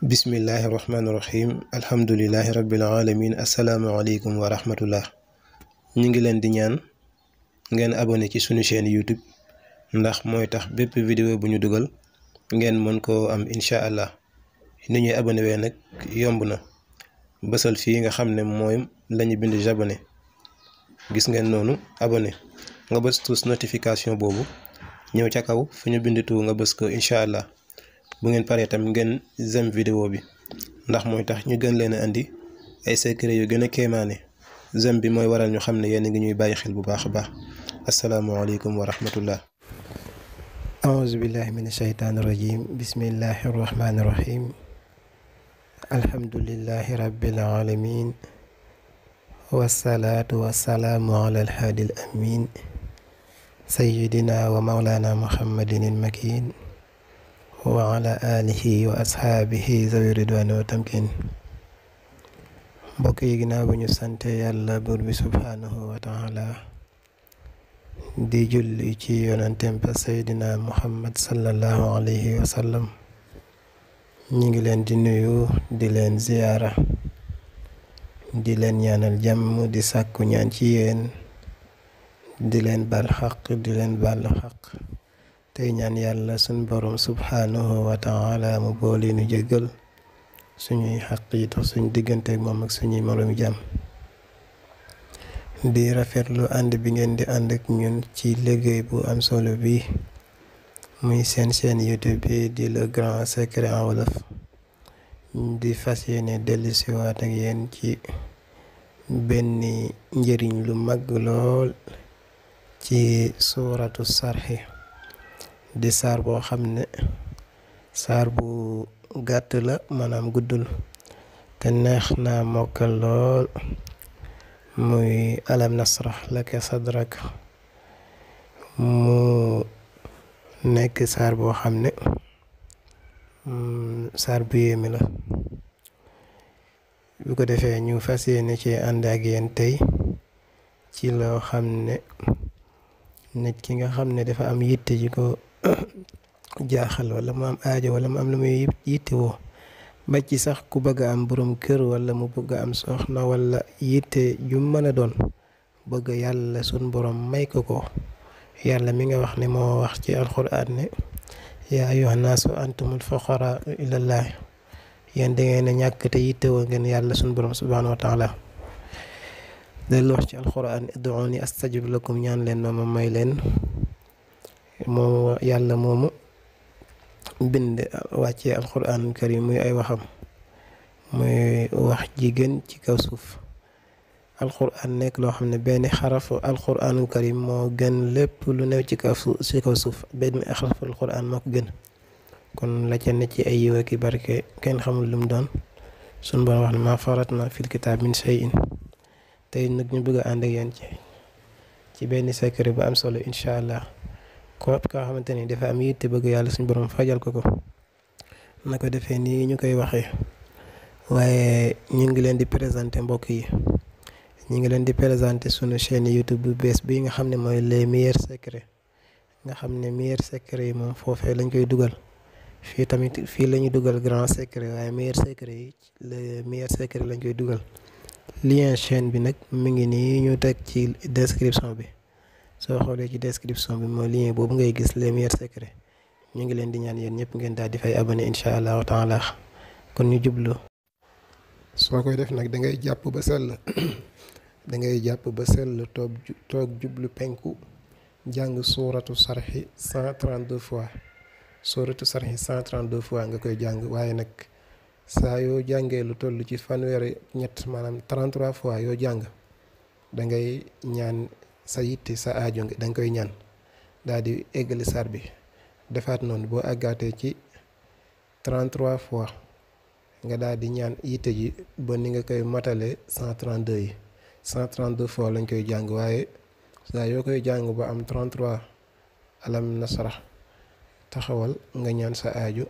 بسم الله الرحمن الرحيم الحمد لله رب العالمين السلام عليكم ورحمة الله نجلن دنيان نجن أبوني كيسوني شين يوتيوب نلاح موي تخ بيب فيديو بنيو دوغل نجن منكو أم إن شاء الله نجن أبوني بينك يوم بنا بسال في نجا خامن موي لاني بند جابوني جس نجن نونو أبوني نجا بس توس نوتيفيكاسيون بوبو نيو تشاكاو فنيو بند تو نجا بس كو إن شاء الله bu ngeen paree tam ngeen zem vidéo bi ndax moy tax ñu gën leen andi ay secret yu gëna kémané kéemaane zem bi moy waral ñu xamné yéen nga ñuy bàyyi xel bu baax baax assalamu alaykum wa rahmatullah أعوذ بالله من الشيطان الرجيم بسم الله الرحمن الرحيم الحمد لله رب العالمين والصلاة والسلام على الهادي الأمين سيدنا ومولانا محمد المكين وعلى آله وأصحابه ذوي الرضوان والتمكين بوكي غنا بني سانتا يالا بور سبحانه وتعالى دي جول تي يونتم سيدنا محمد صلى الله عليه وسلم نيغي لين دي نويو دي لين زياره دي لين يانال جام دي ساكو نيان تي دي لين بالحق دي لين بالحق te ñaan yàlla sun borom subhanahu wa taala mu booleenu jëggal suñuy xaq yi tax suñ diggante ak moom ak suñuy moroom jam di rafetlu ànd bi ngeen di ànd ak ñun ci liggéey bu am solo bi muy seen seen youtube bi di le grand secret en wolof di fas yéene dellu si waat ak yéen ci benn njëriñ lu mag lool ci suuratu sarxi di sar bo xamne sar bu gàtt la manam guddul te neex mokal lol muy alam nasrah lak sadrak mu nek sar bo xamne sar bu yemi la bu ko defé ñu fas yéene ci andag yéen tay ci lo xamne nit ki nga xamne dafa am yitte ji ko jaaxal walla mu am aajo wala mu am lu muy yittewoo ba ci sax ku bëgg am boroom kër walla mu bëgg am soxna wala yitte ju mën a doon bëgg yàlla sun boroom may ko ko yàlla mi nga wax ni moo wax ci alxuraan ne yaa ayyuhan naasu antumul fuqaraa te yittewoo yàlla sun borom subhaanahu wa taala dellu wax ci astajib lakum ñaan leen ma may leen moom yàlla moomu bind wàccee alxuraanul karim muy ay waxam muy wax ji gën ci kaw suuf alxuraan nekk loo xam ne benn xaraf alxuraanul karim moo gën lépp lu new ci kaw suuf ci kaw suuf benn xaraf alxuraan moo ko gën kon la ca ne ci ay yiw ak barke kenn xamul lu mu doon suñ borom wax ne maa farat na fil kitaab min shay'in tey nag ñu bëgg a ànd ak yéen ci ci benn secret bu am solo incha allah ko nga xamante ni dafa am yitte bëgg yàlla suñu borom fajal ko ko na ko defee nii ñu koy waxee waaye ñu ngi leen di présenter mbokk yi ñu ngi leen di présenter sunu chaîne YouTube bu bees bi nga xam ne mooy les meilleurs secrets nga xam ne meilleurs secrets yi moom foofee lañ koy dugal fii tamit fii la ñuy dugal grand secret waaye meilleurs secrets yi les meilleurs secrets lañ koy dugal lien chaine bi nag mi ngi nii ñu teg ci description bi. soo xoolee ci description bi mooy lien boobu ngay gis les meilleurs secrets ñu ngi leen di ñaan yéen ñëpp ngeen daal di fay abonné incha allahu taala kon ñu jublu. soo koy def nag dangay jàpp ba sell da ngay jàpp ba sell toog toog jublu penku jàng suuratu sarxi 132 fois suuratu sarxi 132 fois nga koy jàng waaye nag saa yoo jàngee lu toll ci fanweeri ñett maanaam 33 fois yoo jàng da ñaan. sa yitte sa aajo da nga koy ñaan daal di eggali saar bi defaat noonu boo àggaatee ci 33 fois nga daal di ñaan yitte ji ba ni nga koy matalee 132 yi 132 fois lañ koy jàng waaye saa yoo koy jàng ba am 33 alam nasrah taxawal nga ñaan sa aajo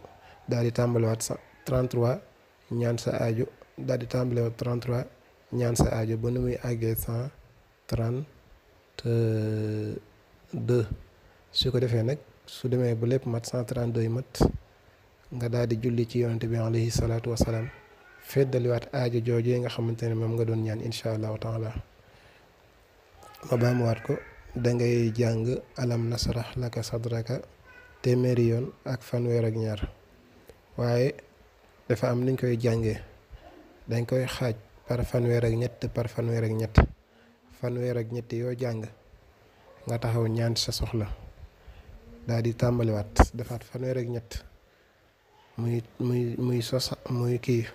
daal di tàmbaliwaat sa 33 ñaan sa aajo daal di tàmbaliwaat 33 ñaan sa ajo ba nu muy àggee 130. te deux su ko defee nag su demee ba lépp mat 132 yu mat nga daal di julli ci yonante bi alayhi salaatu wasalaam feddaliwaat aajo jooju yi nga xamante ne moom nga doon ñaan incha allahu taala ma baamuwaat ko dangay jàng alam nasrah laka sadraka téeméeri yoon ak fanweer ak ñaar waaye dafa am niñ koy jànge dañ koy xaaj par fanweer ak ñett par fanweer ak ñett fanweer ak ñetti yoo jàng nga taxaw ñaan sa soxla daal di tàmbaliwaat defaat fanweer ak ñett muy muy muy sosa muy kii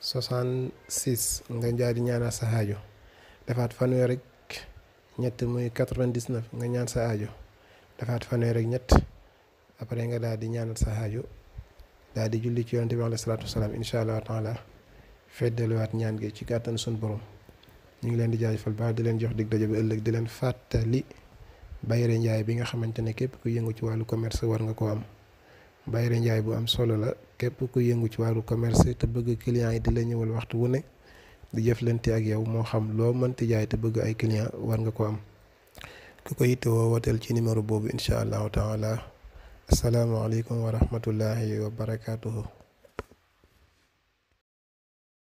soixante-six nga daal di ñaanal sa aajo defaat fanweer ak ñett muy quatre vingt nga ñaan sa defaat fanweer ak ñett après nga daal di ñaanal sa aajo daal di julli ci yonent bi alayhi salaatu wasalaam incha allah taala feddaluwaat ñaan gi ci gàttan sun borom ñu ngi leen di jaajëfal baax di leen jox dig daje bi ëllëg di leen fàttali bayre njaay bi nga xamante ne képp ku yëngu ci wàllu commerce war nga ko am bayre njaay bu am solo la képp ku yëngu ci wàllu commerce te bëgg client yi di la ñëwal waxtu wu ne di jëflante ak yow moo xam loo mënti jaay te bëgg ay client war nga ko am ku ko yitte woo wooteel ci numéro boobu incha allahu taala asalaamaaleykum wa rahmatullahi wa barakatuhu